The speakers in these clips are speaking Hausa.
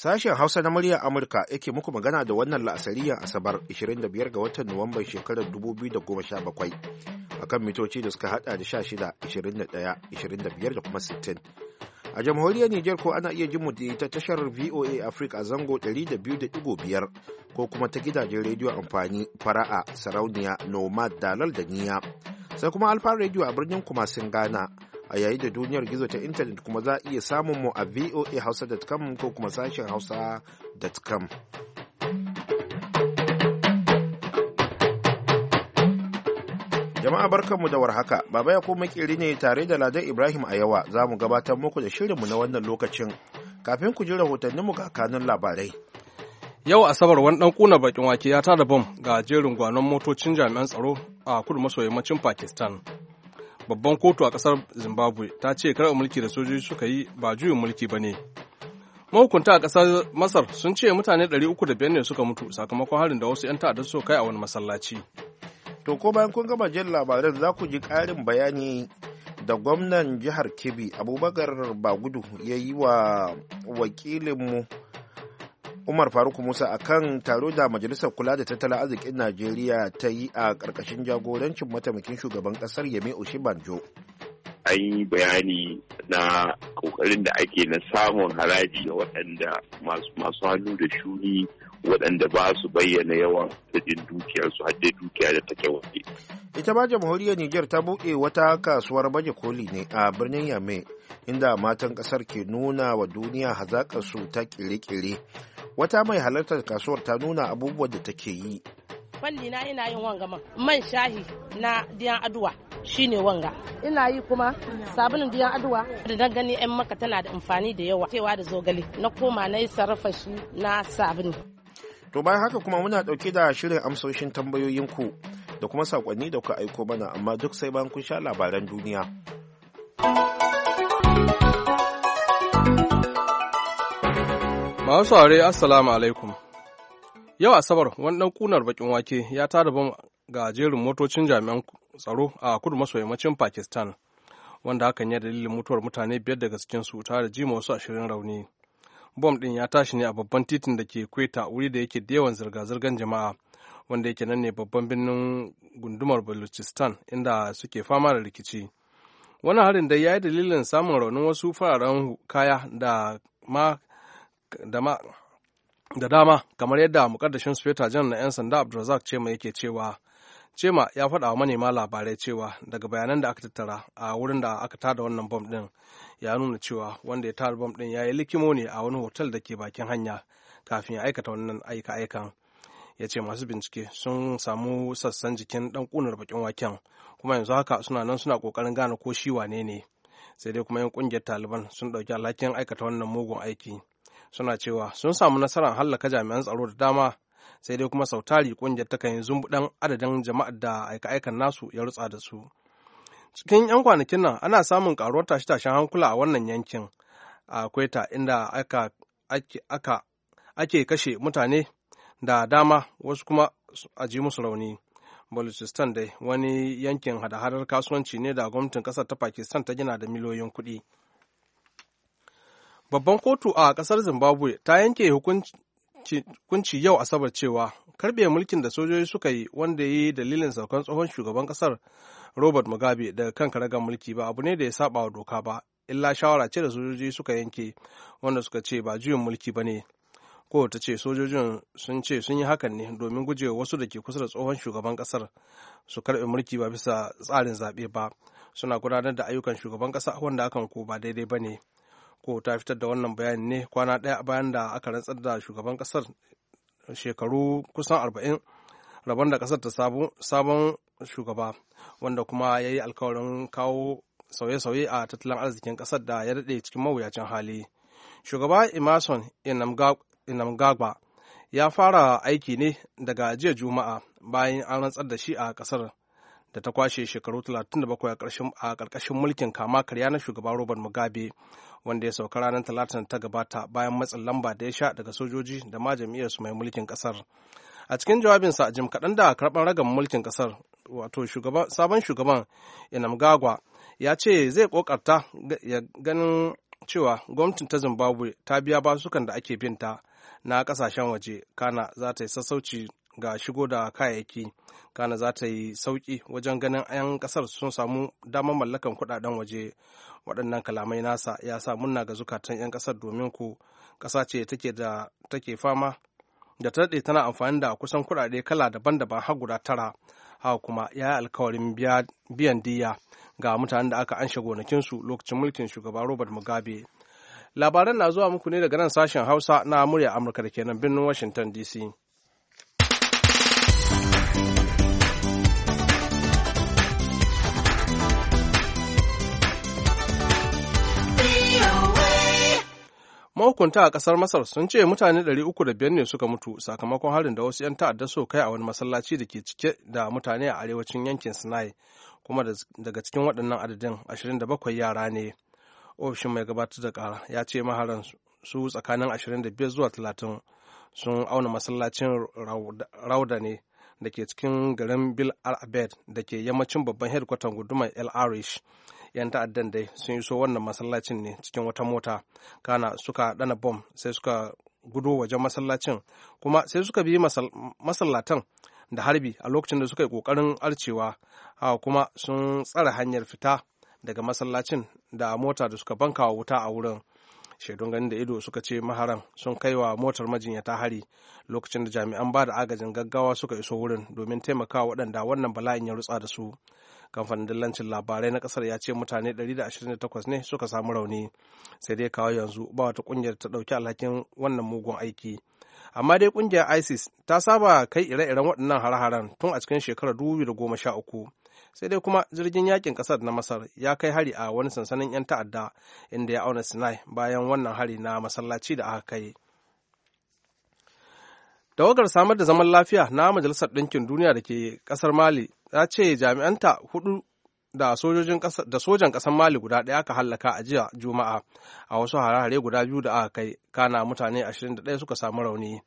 Sashen Hausa na muryar Amurka yake muku magana da wannan la'asariyar Asabar 25 ga watan Nuwamban shekarar 2017 kan mitoci da suka hada da 16, 21, 25 da kuma 60. A jamhuriyar Nijar ko ana iya jin mu ta tashar VOA Africa a zango 200.5 ko kuma ta gidajen rediyo amfani fara'a sarauniya nomad dalal da niya sai kuma alfa rediyo a birnin kumasin Ghana a yayi da duniyar gizo ta intanet kuma za a iya samun mu a voahausa.com ko kuma sashen hausa.com. Jama'a barkanmu da warhaka, Baba ya kuma makeri ne tare da Ladan Ibrahim a yawa za mu gabatar muku da shirinmu na wannan lokacin. Kafin ku ji rahotanninmu ga kanun labarai. Yau Asabar wani ɗan kuna bakin wake ya tada bom ga jerin gwanon motocin jami'an tsaro a kudu maso yammacin Pakistan. babban kotu a kasar zimbabwe ta ce karar mulki da sojoji suka yi ba juyin mulki ba ne mahukunta a kasar masar sun ce mutane 305 ne suka mutu sakamakon harin da wasu 'yan ta'adar suka kai a wani masallaci to ko bayan kun gama jin labaran za ku ji ƙarin bayani da gwamnan jihar kebbi abubakar bagudu ya yi wa wakilinmu umar faruk musa akan taro da majalisar kula da tattalin arzikin najeriya ta yi a ƙarƙashin jagorancin mataimakin shugaban ƙasar yemi oshibanjo an yi bayani na ƙoƙarin da ake na samun haraji ga waɗanda masu hannu da shuni waɗanda ba su bayyana yawan kuɗin dukiyar su dai dukiya da take waje. Ita ma jamhuriyar Nijar ta buɗe wata kasuwar baje koli ne a birnin Yame inda matan ƙasar ke nuna wa duniya hazaƙar su ta ƙire-ƙire wata mai halartar kasuwar ta nuna abubuwan da take yi falli na ina yin wanga man man shahi na diyan aduwa shine wanga ina yi kuma sabulin diyan aduwa da na gani yan maka tana da amfani da yawa cewa da zogale na koma na yi sarrafa shi na sabulu to bayan haka kuma muna dauke da shirin amsoshin tambayoyinku da kuma sakonni da kuka aiko mana amma duk sai bayan kun sha labaran duniya Masu saurare Assalamu alaikum. Yau Asabar wani ɗan kunar bakin wake ya tada bam ga jerin motocin jami'an tsaro a kudu maso yammacin Pakistan wanda hakan ya dalilin mutuwar mutane biyar daga cikin su tare da jima wasu ashirin rauni. Bom ɗin ya tashi ne a babban titin da ke Kweta wuri da yake da yawan zirga-zirgar jama'a wanda yake nan ne babban birnin gundumar Balochistan inda suke fama da rikici. wani harin dai ya yi dalilin samun raunin wasu fararen kaya da ma da dama kamar yadda mukaddashin sufeta jan na 'yan sanda abdulrazak cema yake cewa cema ya faɗa wa manema labarai cewa daga bayanan da aka tattara a wurin da aka tada wannan bom ɗin ya nuna cewa wanda ya tada bom ɗin ya yi likimo ne a wani hotel da ke bakin hanya kafin ya aikata wannan aika-aikan ya ce masu bincike sun samu sassan jikin ɗan ƙunar bakin waken kuma yanzu haka suna nan suna kokarin gane ko shi wane ne sai dai kuma yan ƙungiyar taliban sun ɗauki alhakin aikata wannan mugun aiki suna cewa sun samu nasarar hallaka jami'an tsaro da dama sai dai kuma sautari kungiyar ta kan zumbuɗan adadin jama'ar da aika-aikan nasu ya rutsa da su cikin 'yan kwanakin nan ana samun karuwar tashe-tashen hankula a wannan yankin a kweta inda ake kashe mutane da dama wasu kuma a ji musu rauni baluchistan dai wani yankin hada-hadar kasuwanci ne da gwamnatin ƙasar ta pakistan ta gina da miliyoyin kuɗi. Babban kotu a ƙasar Zimbabwe ta yanke hukunci yau Asabar cewa karɓe mulkin da sojoji suka yi wanda ya yi dalilin saukan tsohon shugaban ƙasar Robert Mugabe daga kan karagar mulki ba abu ne da ya saba wa doka ba, illa shawara ce da sojoji suka yanke wanda suka ce ba juyin mulki ba ne. Ko ta ce sojojin sun ce sun yi hakan ne domin gujewa wasu da ke kusa da tsohon shugaban ƙasar su karbe mulki ba bisa tsarin zaɓe ba, suna gudanar da ayyukan shugaban ƙasa wanda akan ko ba daidai ba ne. ko ta fitar da wannan bayanin ne kwana ɗaya bayan da aka rantsar da shugaban ƙasar shekaru kusan arba'in rabon da ƙasar ta sabon shugaba wanda kuma ya yi alkawarin kawo sauye-sauye a tattalin arzikin ƙasar da ya daɗe cikin mawuyacin hali shugaba emerson inamgagba ya fara aiki ne daga jiya juma'a bayan an rantsar da shi a ƙasar da ta kwashe shekaru 37 a ƙarƙashin mulkin kama karya na shugaban Robert Mugabe wanda ya sauka ranar talatin ta gabata bayan matsin lamba da ya sha daga sojoji da ma jam'iyyarsu mai mulkin ƙasar. A cikin jawabinsa jim kaɗan da karɓar ragan mulkin ƙasar wato sabon shugaban Inamgagwa ya ce zai ƙoƙarta ya ganin cewa gwamnatin ta Zimbabwe ta biya basukan da ake binta na ƙasashen waje kana za ta yi sassauci ga shigo da kayayyaki Ghana za ta yi sauki wajen ganin 'yan kasar sun samu damar mallakan kuɗaɗen waje. Waɗannan kalamai nasa ya sa munna ga zukatan 'yan kasar domin ku ƙasa ce take da fama da ta daɗe tana amfani da kusan kuɗaɗe kala daban-daban har guda tara. Haka kuma ya yi alkawarin biyan diya ga mutanen da aka anshe gonakinsu lokacin mulkin shugaba Robert Mugabe. Labaran na zuwa muku ne daga nan sashen Hausa na murya Amurka da kenan birnin Washington DC. mahukunta a kasar masar sun ce mutane 305 ne suka mutu sakamakon harin da wasu 'yan ta'adda so kai a wani masallaci da ke cike da mutane a arewacin yankin sinai kuma daga cikin waɗannan adadin 27 yara ne ofishin mai gabatar da ƙara ya ce maharan su tsakanin 25 zuwa 30 sun auna masallacin rauda ne da ke cikin garin bil al abed da ke yammacin babban hedkwatan gudumar el arish 'yan ta'addan dai sun iso wannan masallacin ne cikin wata mota kana suka dana bom sai suka gudo wajen masallacin kuma sai suka bi masallatan da harbi a lokacin da suka yi kokarin arcewa hawa kuma sun tsara hanyar fita daga masallacin da mota da suka bankawa wuta a wurin shaidun ganin da ido suka ce maharan sun kai wa motar majinyata hari lokacin da jami'an ba da agajin gaggawa suka iso wurin domin taimakawa waɗanda wannan bala'in ya rutsa da su kamfanin dillancin labarai na kasar ya ce mutane 128 ne suka samu rauni sai dai kawo yanzu ba wata kungiyar ta dauki alhakin wannan mugun aiki amma dai kungiyar isis ta saba kai ire-iren waɗannan har tun a cikin shekarar 2013 sai dai kuma jirgin yakin kasar na masar ya kai hari a wani sansanin 'yan ta'adda inda ya auna sinai bayan wannan hari na masallaci da aka kai tawagar samar da zaman lafiya na majalisar ɗinkin duniya da ke ƙasar mali ta ce jami'anta hudu da sojan ƙasar Mali guda ɗaya aka hallaka a jiya Juma'a a wasu harare guda biyu da aka kai kana mutane 21 suka samu rauni.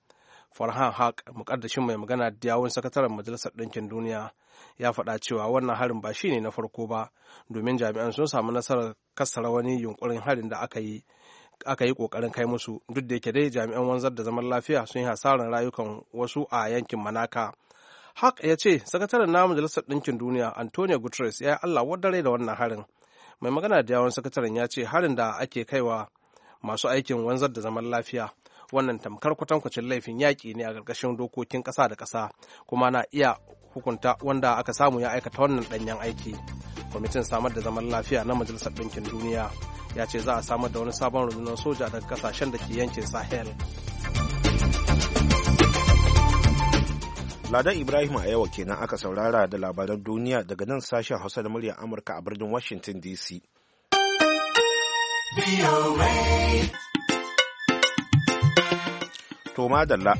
Farhan Haq, mukaddashin mai magana da yawun sakataren Majalisar Ɗinkin Duniya, ya faɗa cewa wannan harin ba shi ne na farko ba, domin jami'an sun samu nasarar kassara wani yunkurin harin da aka yi aka yi kokarin kai musu duk da yake dai jami'an wanzar da zaman lafiya sun yi hasarar rayukan wasu a yankin manaka Haq ya ce sakataren na majalisar ɗinkin duniya Antonio Guterres ya yi Allah wadare da wannan harin. Mai magana da yawon sakataren ya ce harin da ake kaiwa masu aikin wanzar da zaman lafiya wannan tamkar kwatankwacin laifin yaƙi ne a ƙarƙashin dokokin ƙasa da ƙasa kuma na iya hukunta wanda aka samu ya aikata wannan ɗanyen aiki. Kwamitin samar da zaman lafiya na Majalisar Ɗinkin Duniya ya ce za a samar da wani sabon rundunar soja daga ƙasashen da ke yankin Sahel. Ladan Ibrahim a yau kenan aka saurara da labaran duniya daga nan sashen Hausa da muryar Amurka a birnin Washington DC. To madalla,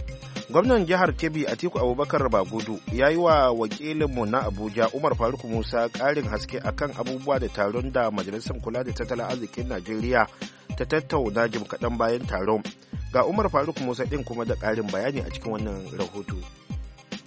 gwamnan jihar Kebbi Atiku Abubakar Bagudu ya yi wa wakilinmu na Abuja Umar Faruk Musa ƙarin haske akan abubuwa da taron da Majalisar Kula da Tattalin Arzikin Najeriya ta tattauna jim kaɗan bayan taron. Ga Umar Faruk Musa ɗin kuma da ƙarin bayani a cikin wannan rahoto.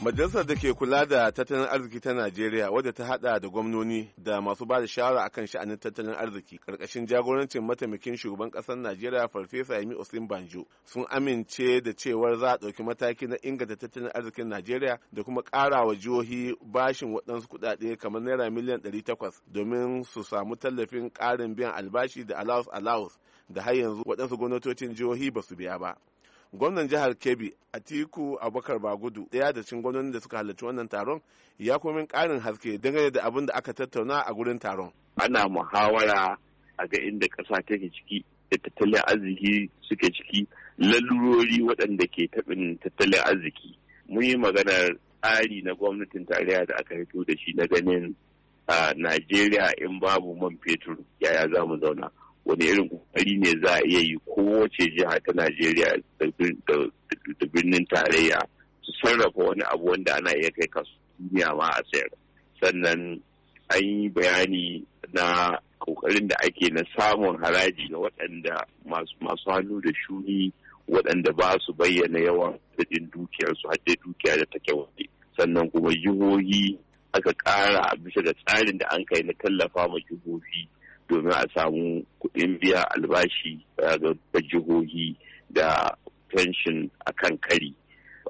Majalisar da ke kula da tattalin arziki ta Najeriya wadda ta hada da gwamnoni da masu ba da shawara akan sha'anin tattalin arziki karkashin jagorancin mataimakin shugaban kasar Najeriya Farfesa Yemi banjo sun amince da cewar za a ɗauki mataki na inganta tattalin arzikin Najeriya da kuma ƙara wa jihohi bashin waɗansu kuɗaɗe kamar naira miliyan ɗari takwas domin su samu tallafin ƙarin biyan albashi da allowance allowance da har yanzu waɗansu gwamnatocin jihohi ba su biya ba. gwamnan jihar kebbi atiku abubakar bagudu daya da cin gwamnonin da suka halarci wannan taron ya komin karin haske dangane da abin da aka tattauna a gurin taron ana muhawara a ga inda kasa take ciki da tattalin arziki suke ciki lalurori waɗanda ke taɓin tattalin arziki mun yi maganar tsari na gwamnatin tarayya da aka fito da shi na ganin a ah, najeriya in babu man fetur yaya za mu zauna wani irin kokari ne za a iya yi kowace jiha ta najeriya da birnin tarayya su sarrafa wani abu wanda ana iya kai kasu duniya ma a sayar sannan an yi bayani na kokarin da ake na samun haraji ga waɗanda masu hannu da shuni waɗanda ba su bayyana yawan kudin dukiyarsu har dai dukiya da take waje sannan kuma jihohi aka ƙara bisa da tsarin da an kai na tallafa ma jihohi domin a samu kuɗin biya albashi ga jihohi da fenshin a kan kari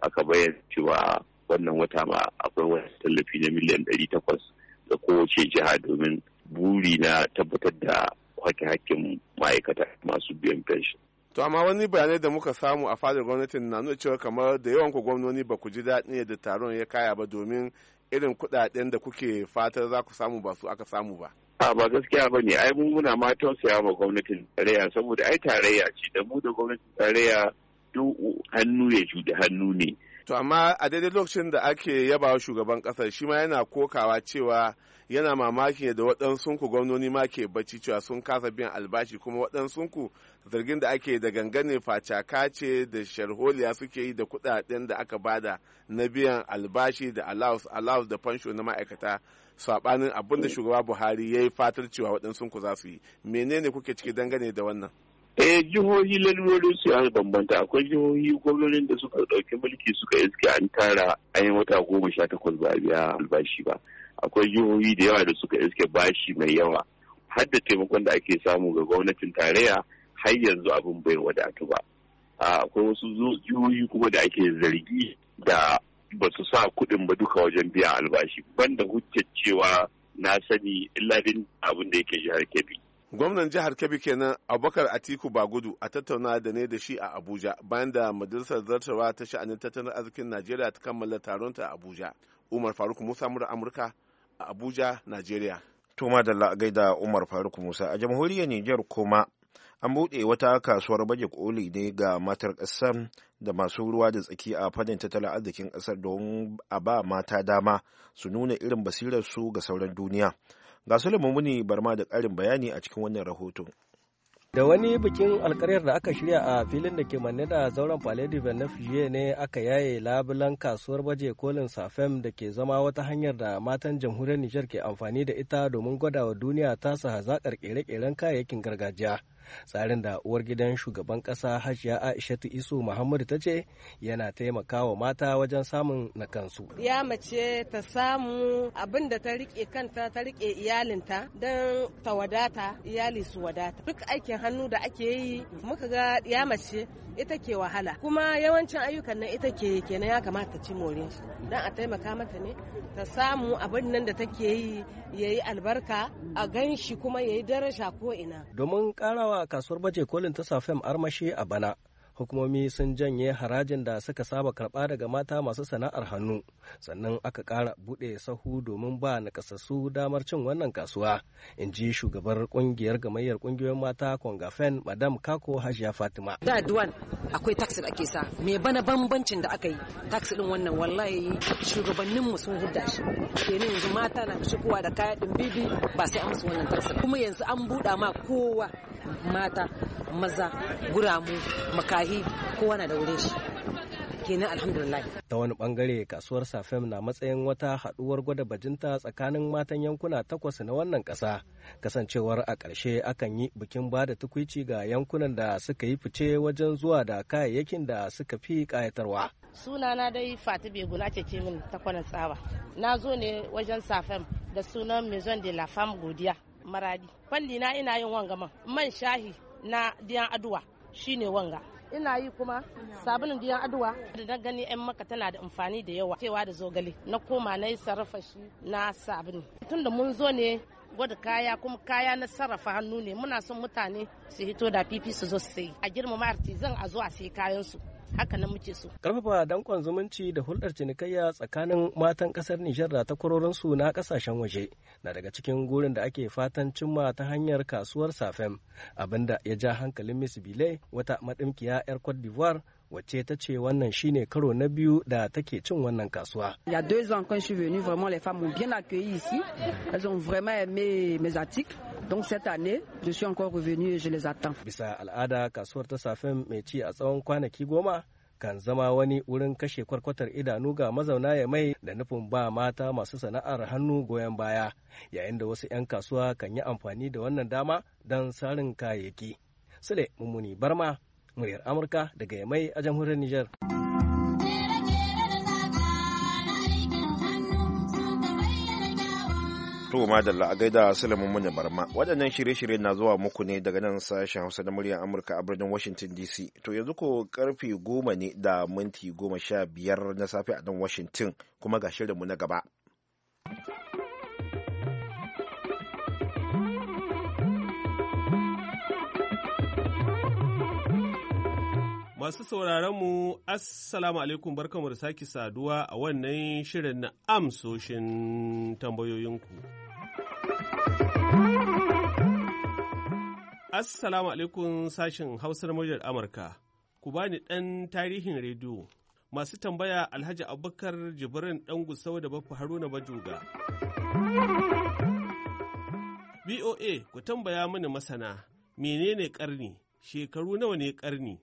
aka bayyana cewa wannan wata ma akwai wani tallafi na miliyan ɗari takwas da kowace jiha domin buri na tabbatar da kwake hakkin ma'aikata masu biyan fenshin. To amma wani bayanai da muka samu a fadar gwamnatin na nuna cewa kamar da yawan ku gwamnoni ba ku ji daɗin yadda taron ya kaya ba domin irin kuɗaɗen da kuke fatar za ku samu ba su aka samu ba. a ba gaskiya ba ne ai mu muna ma tausaya ma gwamnatin tarayya saboda ai tarayya ce da mu da gwamnatin tarayya duk hannu ya shuɗe hannu ne to amma a daidai lokacin da ake yaba shugaban ƙasar shi ma yana kokawa cewa yana mamaki da waɗansu ku gwamnoni ma ke bacci cewa sun kasa biyan albashi kuma waɗansu zargin da ake da gangane facaka ce da sharholiya suke yi da kuɗaɗen da aka bada na biyan albashi da allows allows da fansho na ma'aikata saɓanin abin da shugaba buhari ya yi fatar cewa waɗansu ku za su yi menene kuke ciki dangane da wannan eh jihohi lalurorin su ya bambanta akwai jihohi gwamnonin da suka ɗauki mulki suka iske an tara a yi wata goma sha takwas ba a biya albashi ba akwai jihohi da yawa da suka iske bashi mai yawa har da taimakon da ake samu ga gwamnatin tarayya har yanzu abin bai wadatu ba akwai wasu jihohi kuma da ake zargi da ba su sa kuɗin ba duka wajen biyan albashi banda hujjar cewa na sani illadin abin da yake jihar kebbi gwamnan jihar kebbi kenan abubakar atiku bagudu a tattauna da ne da shi a abuja bayan da majalisar zartarwa ta sha'anin tattalin arzikin najeriya ta kammala taronta a abuja umar faruk musa mura amurka a Abuja, Najeriya. Tuma da gaida Umar Faruk Musa a jamhuriyar Nijar kuma an buɗe wata kasuwar baje koli ne ga matar ƙasar da masu ruwa da tsaki a fannin tattalin arzikin ƙasar don a ba mata dama su nuna irin basirar su ga sauran duniya. Ga Sulaiman Muni Barma da ƙarin bayani a cikin wannan rahoton. da wani bikin alkaryar da aka shirya a filin da ke manne da zauren paledi fiye ne aka yaye labulan kasuwar baje kolin safem da ke zama wata hanyar da matan jamhuriyar nijar ke amfani da ita domin gwadawa duniya tasa hazaƙar ƙere keren kayayyakin gargajiya tsarin da uwar gidan shugaban ƙasa hajiya aishatu isu muhammadu ta ce yana taimakawa mata wajen samun na kansu ya mace ta samu abin da ta rike kanta ta rike iyalinta don ta wadata iyali su wadata duk aikin hannu da ake yi muka ga ya mace ita ke wahala kuma yawancin ayyukan nan ita ke kenan ya kamata ta ci more shi don a taimaka mata ne ta samu abin nan da take yi yayi albarka a gan shi kuma yayi daraja ko ina domin karawa kasuwar baje kolin ta safem armashi a bana hukumomi sun janye harajin da suka saba karɓa daga mata masu sana'ar hannu sannan aka kara buɗe sahu domin ba nakasassu damar cin wannan kasuwa in ji shugabar ƙungiyar gamayyar ƙungiyoyin mata kongafen madam kako hajiya fatima da duwan akwai taxi da ake sa me bana bambancin da aka yi taxi din wannan wallahi shugabanninmu sun hudda shi kenan yanzu mata na shigowa da kaya ɗin bibi ba sai an musu wannan taxi kuma yanzu an buda ma kowa mata maza guramu makahi kowa da wurin shi kenan alhamdulillah ta wani bangare kasuwar safem na matsayin wata haduwar gwada bajinta tsakanin matan yankuna takwas na wannan kasa kasancewar a ƙarshe akan yi bikin bada da tukwici ga yankunan da suka yi fice wajen zuwa da kayayyakin da suka fi kayatarwa sunana dai fati beguna ce ce min takwanin tsawa na zo ne wajen safem da sunan maison de la femme godiya maradi kwallina na ina yin wangaman man shahi na diyan aduwa shine wanga ina yi kuma sabunin diyan aduwa da na gani yan maka tana da amfani da yawa cewa da zogale na koma na yi sarrafa shi na sabulu da mun zo ne gwada kaya kuma kaya na sarrafa hannu ne muna son mutane su hito da fifi su zo su sayi a girmama artisan a zo a sayi kayan su haka nan muke so karfafa dankon zumunci da hulɗar cinikayya tsakanin matan ƙasar Nijar da takwarorinsu na ƙasashen waje na daga cikin gurin da ake fatan cimma ta hanyar kasuwar Safem abinda ya ja hankalin Miss Bile wata madimkiya 'yar Cote d'Ivoire wacce ta ce wannan shine karo na biyu da take cin wannan kasuwa. ya y a deux ans quand vraiment les femmes bien accueilli ici. Elles ont vraiment aimé mes articles. Donc cette année, je suis encore revenu et je les attends. Bisa al'ada kasuwar ta safin mai ci a tsawon kwanaki goma kan zama wani wurin kashe kwarkwatar idanu ga mazauna ya mai da nufin ba mata masu sana'ar hannu goyon baya yayin da wasu 'yan kasuwa kan yi amfani da wannan dama don sarin kayayyaki. Sule Mummuni Barma muryar amurka daga yamai a jamhuriyar niger to madalla a gaida Sulaiman Munya barma waɗannan shirye shiryen na zuwa muku ne daga nan sashen hausa na muryar amurka a birnin washington dc to yanzu ko karfe goma ne da minti goma sha biyar na safe a nan washington kuma ga shirinmu na gaba Masu sauraronmu, Assalamu alaikum barkamu da sake saduwa a wannan shirin na amsoshin tambayoyinku. Assalamu alaikum sashin Hausar muryar Amurka, ku bani ɗan tarihin rediyo. Masu tambaya Alhaji Abubakar Jibrin ɗan Gusau da Bafa Haruna Bajoga. BOA ku tambaya mini masana, menene ƙarni, shekaru nawa ne ƙarni?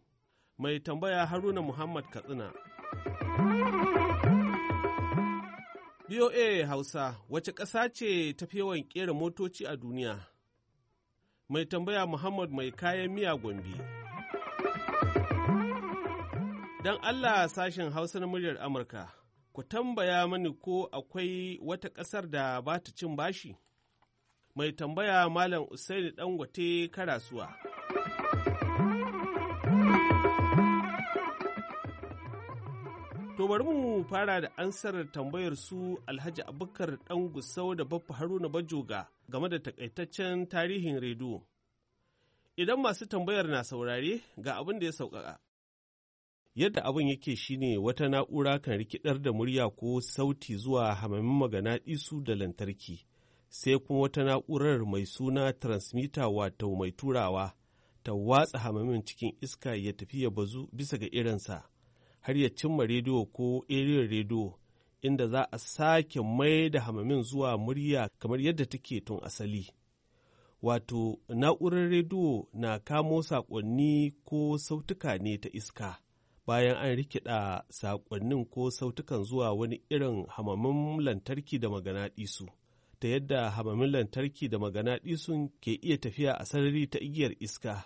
mai tambaya haruna muhammad katsina BOA Hausa wace ƙasa ce tafi yawan ƙera motoci a duniya? Mai tambaya Muhammad mai kayan miya Gombe. Don Allah sashen Hausa na muryar Amurka, ku tambaya mani ko akwai wata ƙasar da ba ta cin bashi? Mai tambaya Malam Usaini Dangote Karasuwa. To bari mu fara da ansar tambayar su Alhaji Abubakar Dan Gusau da Baffa Haruna Bajoga game da takaitaccen tarihin rediyo. Idan masu tambayar na saurare ga abin da ya sauƙaƙa. Yadda abin yake shine wata na'ura kan rikidar da murya ko sauti zuwa hamamin magana da lantarki, sai kuma wata na'urar mai suna transmitter wato mai turawa ta watsa hamamin cikin iska ya tafi ya bazu bisa ga irinsa. har ya cimma rediyo ko eriyar rediyo inda za a sake mai da hamamin zuwa murya kamar yadda take tun asali. Wato, na'urar rediyo na kamo saƙonni ko sautuka ne ta iska, bayan an rikida saƙonnin ko sautukan zuwa wani irin hamamin lantarki da maganaɗisu, ta yadda hamamin lantarki da maganaɗisun ke iya tafiya a sarari ta igiyar iska,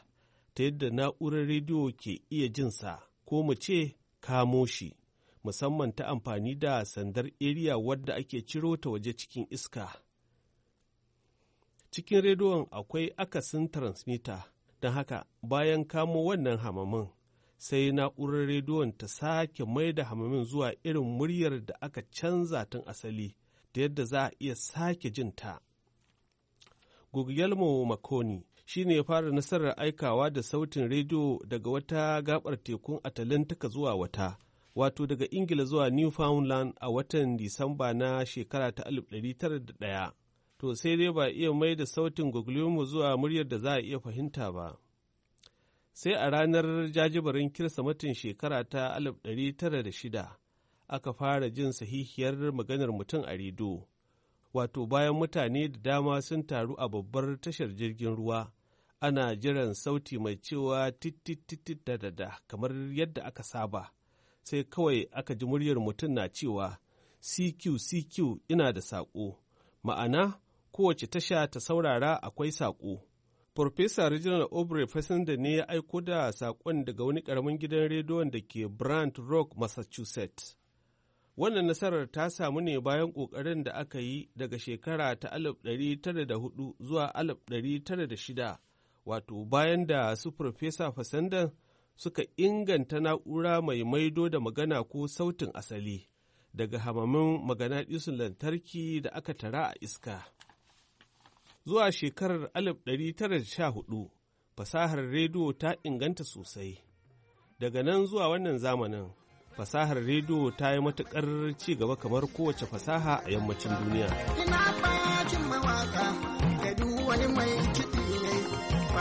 ta yadda na'urar rediyo ke iya jinsa, ko mu ce kamo shi musamman ta amfani da sandar eriya wadda ake ciro ta waje cikin iska. Cikin rediyon akwai akasin transmitter don haka bayan kamo wannan hamamin sai na'urar rediyon ta sake mai da hamamin zuwa irin muryar da aka canza tun asali da yadda za a iya sake jin ta. Guglielmo Makoni shine ya fara nasarar aikawa da sautin rediyo daga wata gabar tekun Atalantika zuwa wata, wato daga Ingila zuwa Newfoundland a watan Disamba na shekara ta 1901. To sai dai ba iya mai da sautin Guglielmo zuwa muryar da za a iya fahimta ba. Sai a ranar jajibarin kirsamatin shekara ta da shida aka fara jin sahihiyar maganar mutum a rediyo. wato bayan mutane da dama sun taru a babbar tashar jirgin ruwa ana jiran sauti mai cewa titi-titi da kamar yadda aka saba sai kawai aka ji muryar mutum na cewa cq cq ina da saƙo ma'ana kowace tasha ta saurara akwai saƙo Farfesa Reginald Aubrey da ne ya aiko da saƙon daga wani ƙaramin gidan rediyon da ke Brand Rock, Massachusetts. Wannan nasarar ta samu ne bayan ƙoƙarin da aka yi daga shekara ta 1904 zuwa 1906 wato bayan da su Profesa Fasandan suka inganta na'ura mai maido da magana ko sautin asali daga hamamin maganaɗisun lantarki da aka tara a iska. Zuwa shekarar 1914, fasahar rediyo ta inganta sosai. Daga nan zuwa wannan zamanin, fasahar rediyo ta yi matuƙar ci gaba kamar kowace fasaha a yammacin duniya.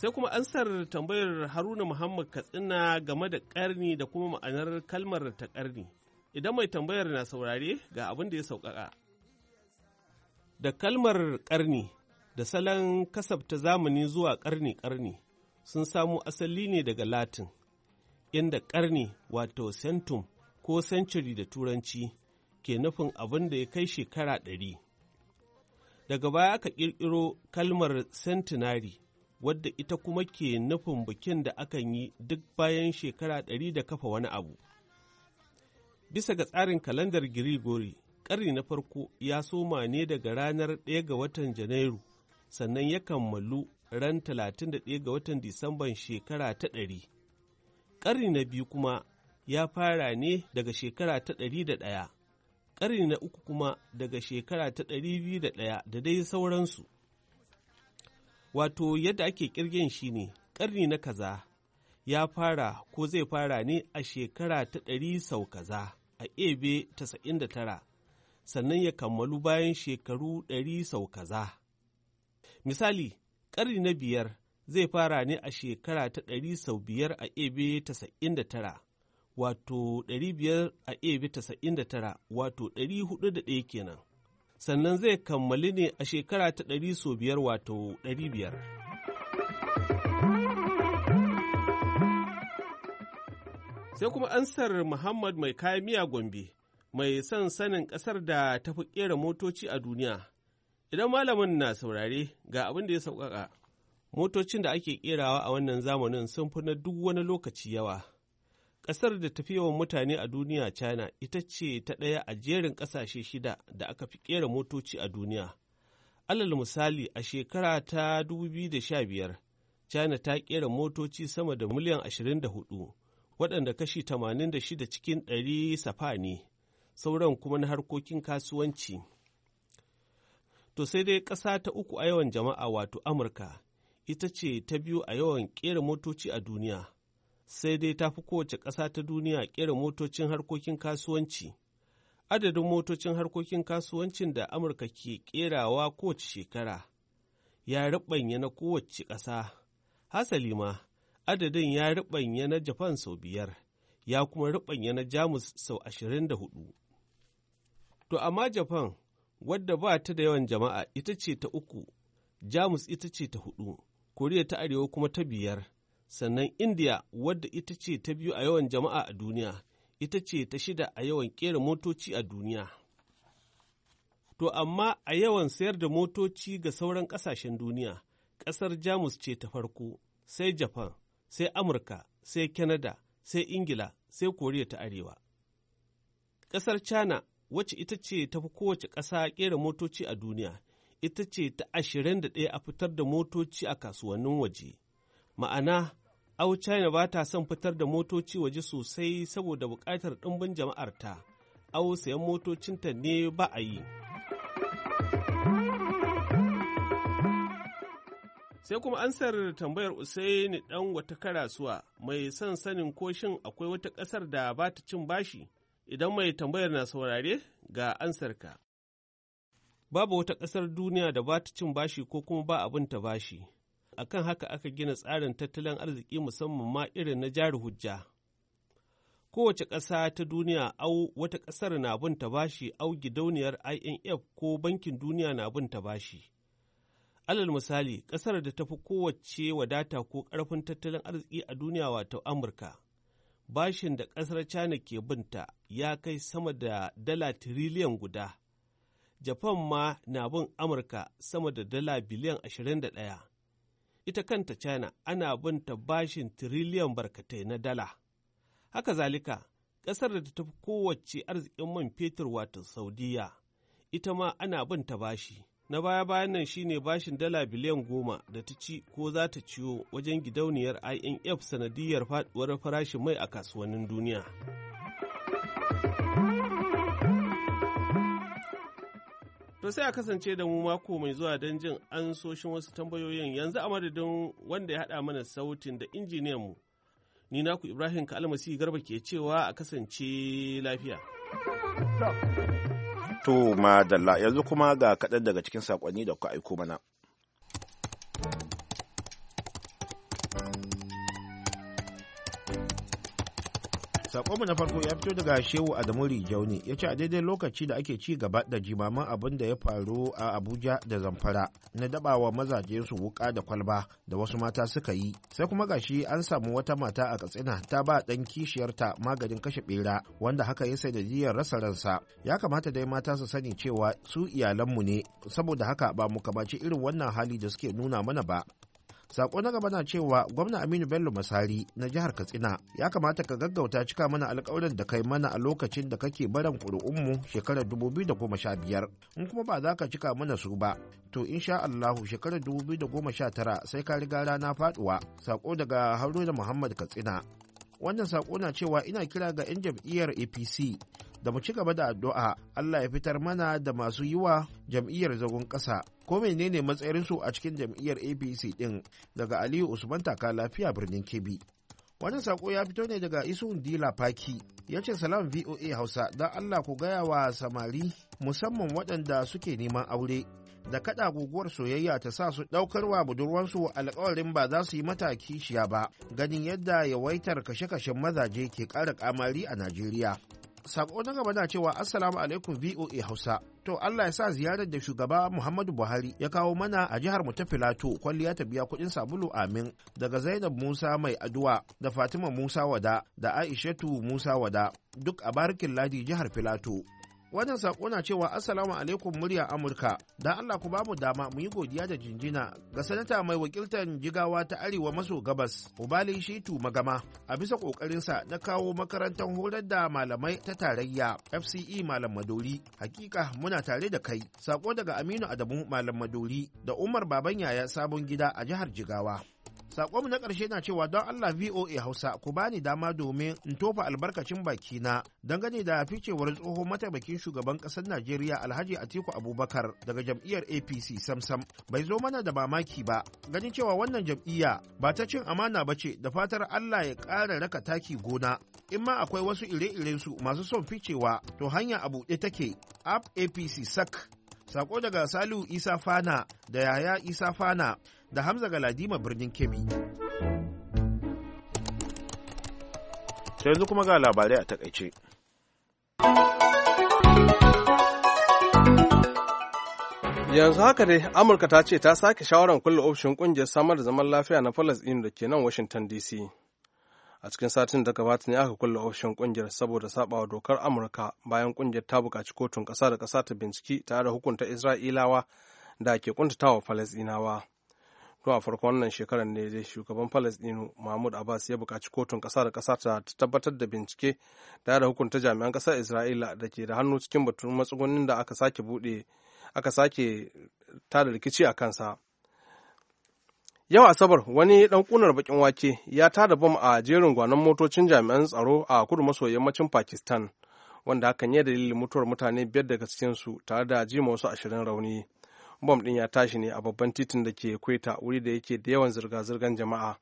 Sai kuma ansar tambayar Haruna Muhammad Katsina game da ƙarni da kuma ma'anar kalmar ta ƙarni. Idan mai tambayar na saurare ga abin da ya sauƙaƙa. Da kalmar ƙarni da salon kasafta zamani zuwa ƙarni-ƙarni sun samo asali ne daga Latin, inda ƙarni wato centum ko century da Turanci ke nufin abin da ya kai shekara ɗari. Daga baya aka ƙirƙiro kalmar centenary wadda ita kuma ke nufin bikin da akan yi duk bayan shekara ɗari da kafa wani abu. Bisa ga tsarin kalandar Girigori, ƙari na farko ya soma ne daga ranar 1 ga watan Janairu, sannan ya kammalu ran 31 ga watan Disamban shekara ta ɗari. Ƙari na biyu kuma ya fara ne daga shekara ta ɗari da ɗaya, ƙari na uku kuma daga shekara ta ɗari biyu da ɗaya da dai sauransu. Wato yadda ake kirgin shi ne, ƙarni na kaza ya fara ko zai fara ne a shekara ta ɗari sau kaza a ebe tara, sannan ya kammalu bayan shekaru ɗari sau kaza. Misali, ƙarni na biyar zai fara ne a shekara ta ɗari sau biyar a ebe tara wato ɗari biyar a ebe tara wato ɗari ɗaya kenan. sannan zai kammali ne a shekara ta ɗari so biyar wato ɗari biyar. Sai kuma ansar Muhammad mai kayan miya Gombe, mai son sanin ƙasar da ta fi ƙera motoci a duniya. Idan malamin na saurare ga abin da ya sauƙaƙa, motocin da ake ƙerawa a wannan zamanin sun fi na duk wani lokaci yawa. Ƙasar da tafi yawan mutane a duniya China ita ce ta ɗaya a jerin ƙasashe shida da aka fi ƙera motoci a duniya. Alal misali a shekara ta 2015, China ta ƙera motoci sama da miliyan 24, waɗanda kashi 86 cikin 100 safa ne, sauran kuma na harkokin kasuwanci. To sai dai ƙasa ta uku a yawan jama'a wato Amurka, ita ce ta biyu a yawan ƙera motoci a duniya. sai dai ta fi kowace ƙasa ta duniya ƙera motocin harkokin kasuwanci. Adadin motocin harkokin kasuwancin da Amurka ke ƙerawa kowace shekara ya riɓanya na kowace ƙasa. Hasali ma, adadin ya riɓanya na Japan sau biyar, ya kuma riɓanya na Jamus sau ashirin da hudu. To amma Japan, wadda ba ta da yawan jama'a ita ce ta uku, Jamus ita ce ta hudu, Koriya ta Arewa kuma ta biyar. sannan India wadda ita ce ta biyu a yawan jama'a a duniya, ita ce ta shida a yawan ƙera motoci a duniya. To amma a yawan sayar da motoci ga sauran ƙasashen duniya, ƙasar Jamus ce ta farko, sai Japan, sai Amurka, sai Canada, sai Ingila, sai Koriya ta Arewa. Ƙasar China, wacce ita ce ta fi kowace ƙasa ƙera motoci a duniya, ita ce ta ashirin da ɗaya a fitar da motoci a kasuwannin waje. Ma'ana, au china ba ta son fitar da motoci waje sosai saboda buƙatar ɗumbin ta au sayan motocinta ne ba a yi sai kuma an ansar tambayar usaini dan wata karasuwa mai son sanin ko shin akwai wata ƙasar da ba ta cin bashi idan mai tambayar na saurare ga ansarka babu wata ƙasar duniya da ba ta cin bashi ko kuma ba abin ta bashi akan haka aka gina tsarin tattalin arziki musamman ma irin na jari hujja kowace ƙasa ta duniya au wata ƙasar na bin ta bashi au gidauniyar imf ko bankin duniya na bin ta bashi alal misali ƙasar da ta fi kowace wadata ko ƙarfin tattalin arziki a duniya wato amurka bashin da ƙasar china ke binta ya kai sama da dala tiriliyan guda japan ma na bin amurka sama da dala biliyan ɗaya. ita kanta China ana binta bashin tiriliyan barkatai na dala. Haka zalika, ƙasar da ta fi kowace arzikin man fetur wato Saudiya, ita ma ana binta bashi. Na baya-bayan nan shine bashin dala biliyan goma da ta ci ko za ta ciwo wajen gidauniyar IMF sanadiyar faduwar farashin mai a kasuwannin duniya. sai a kasance da mu mako mai zuwa don jin ansoshin wasu tambayoyin yanzu a madadin wanda ya haɗa mana sautin da injiniyan mu. Ni naku Ibrahim Kalmasi Garba ke cewa a kasance lafiya. To madalla yanzu kuma ga kaɗan daga cikin saƙonni da kuka aiko mana. Sakonmu na farko ya fito daga Shehu Adamu rijauni ya ce a daidai lokaci da ake ci gaba da jimaman abin da ya faru a Abuja da Zamfara na dabawa mazaje su wuka da kwalba da wasu mata suka yi. Sai kuma gashi an samu wata mata a Katsina ta ba dan kishiyarta maganin kashe bera wanda haka ya sai da jiyar rasa ransa. Ya kamata dai mata su sani cewa su iyalanmu ne saboda haka ba mu kamaci irin wannan hali da suke nuna mana ba. Sako na gaba na cewa gwamna Aminu Bello Masari na jihar Katsina ya kamata ka gaggauta cika mana alkawarin da kai mana a lokacin da kake baran kuri'unmu shekarar biyar in kuma ba za ka cika mana su ba to insha Allahu shekarar tara sai ka riga rana faduwa sako daga Haruna Muhammad Katsina wannan sako na cewa ina kira ga 'yan jam'iyyar APC da mu ci gaba da addu'a Allah ya fitar mana da masu yi wa jam'iyyar zagon ƙasa ko menene matsayinsu a cikin jam'iyyar APC din daga Aliyu Usman Taka lafiya birnin Kebbi. Wannan sako ya fito ne daga Isu Dila Faki ya ce salam VOA Hausa don Allah ku gaya wa samari musamman waɗanda suke neman aure da kaɗa guguwar soyayya ta sa su ɗaukar wa budurwansu alƙawarin ba za su yi mata kishiya ba ganin yadda yawaitar kashe-kashen mazaje ke ƙara ƙamari a Najeriya. sako na gaba na cewa assalamu alaikum voa hausa to allah ya sa ziyarar da shugaba muhammadu buhari ya kawo mana a jihar mu ta filato kwalliya ta biya kuɗin sabulu amin daga zainab musa mai aduwa da fatima musa wada da aishatu musa wada duk a Barkin ladi jihar filato wannan sako na cewa assalamu alaikum murya amurka da allah ku bamu dama mu yi godiya da jinjina ga sanata mai wakiltar jigawa ta arewa maso gabas ubali shitu magama a bisa kokarinsa na kawo makarantar horar da malamai ta tarayya fce malam madori hakika muna tare da kai saƙo daga aminu adamu malam madori da umar baban yaya sabon gida a jihar jigawa Sakonmu na ƙarshe na cewa don Allah VOA Hausa ku bani dama domin in tofa albarkacin bakina gani da ficewar tsohon mataimakin shugaban ƙasar Najeriya Alhaji Atiku Abubakar daga jam'iyyar APC samsam bai zo mana da mamaki ba ganin cewa wannan jam'iyya ba ta cin amana ba ce da fatar Allah ya ƙara raka taki gona in ma akwai wasu ire-iren su masu son ficewa to hanya a buɗe take app APC sak sako daga Salihu Isa Fana da Yaya Isa Fana da Hamza Galadima birnin Kebbi. yanzu kuma ga labarai a takaice. yanzu haka dai amurka ta ce ta sake shawarar kulle ofishin kungiyar samar da zaman lafiya na falasɗin da ke nan washington dc a cikin satin da gabata ne aka kulle ofishin kungiyar saboda sabawa dokar amurka bayan kungiyar ta buƙaci kotun ƙasa da ƙasa ta binciki tare da hukunta isra'ilawa da ke kuntatawa falasɗinawa kuma a farkon wannan shekarar ne zai shugaban palestino mahmud abbas ya buƙaci kotun ƙasa da ƙasa ta tabbatar da bincike da da hukunta jami'an ƙasar isra'ila da ke da hannu cikin batun matsugunin da aka sake buɗe aka sake tada rikici a kansa yau asabar wani dan kunar bakin wake ya tada bam a jerin gwanon motocin jami'an tsaro a kudu maso yammacin pakistan wanda hakan ya dalilin mutuwar mutane biyar daga cikinsu tare da jima wasu ashirin rauni bom ɗin ya tashi ne a babban titin da ke kweta wuri da yake da yawan zirga-zirgar jama'a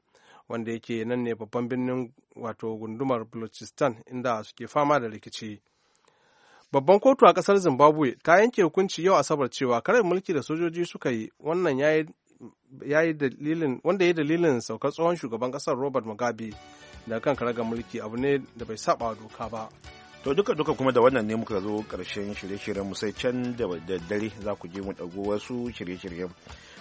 wanda yake nan ne babban birnin wato gundumar Balochistan inda suke fama da rikici. Babban kotu a kasar Zimbabwe ta yanke hukunci yau Asabar cewa karar mulki da sojoji suka yi wannan ya yi dalilin wanda ya dalilin saukar tsohon shugaban kasar Robert Mugabe da kan karagar mulki abu ne da bai saba doka ba. to duka duka kuma da wannan ne muka zo karshen shirye-shiryen mu sai can da daddare za ku je mu dago wasu shirye-shiryen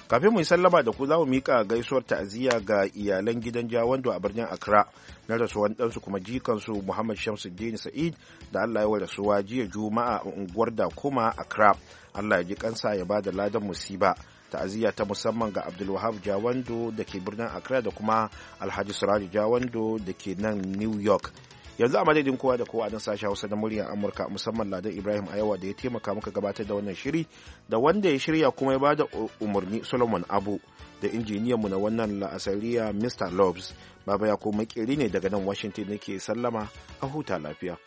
kafin mu yi sallama da ku za mu mika gaisuwar ta'aziyya ga iyalan gidan jawando a birnin Accra na rasuwan ɗansu kuma jikansu Muhammad Shamsuddin Sa'id da Allah ya rasuwa jiya Juma'a a unguwar da kuma Accra Allah ya ji kansa ya bada ladan musiba ta'aziyya ta musamman ga Abdulwahab Jawando da ke birnin Accra da kuma Alhaji Siraju Jawando da ke nan New York yanzu a madadin kowa da kowa don sashen hausa na muryar amurka musamman ladan ibrahim ayawa da ya taimaka muka gabatar da wannan shiri da wanda ya shirya kuma ya bada umarni solomon abu da injiniyan mu na wannan la'asariya mr lobs baba ya kuma makeri ne daga nan washington nake sallama a huta lafiya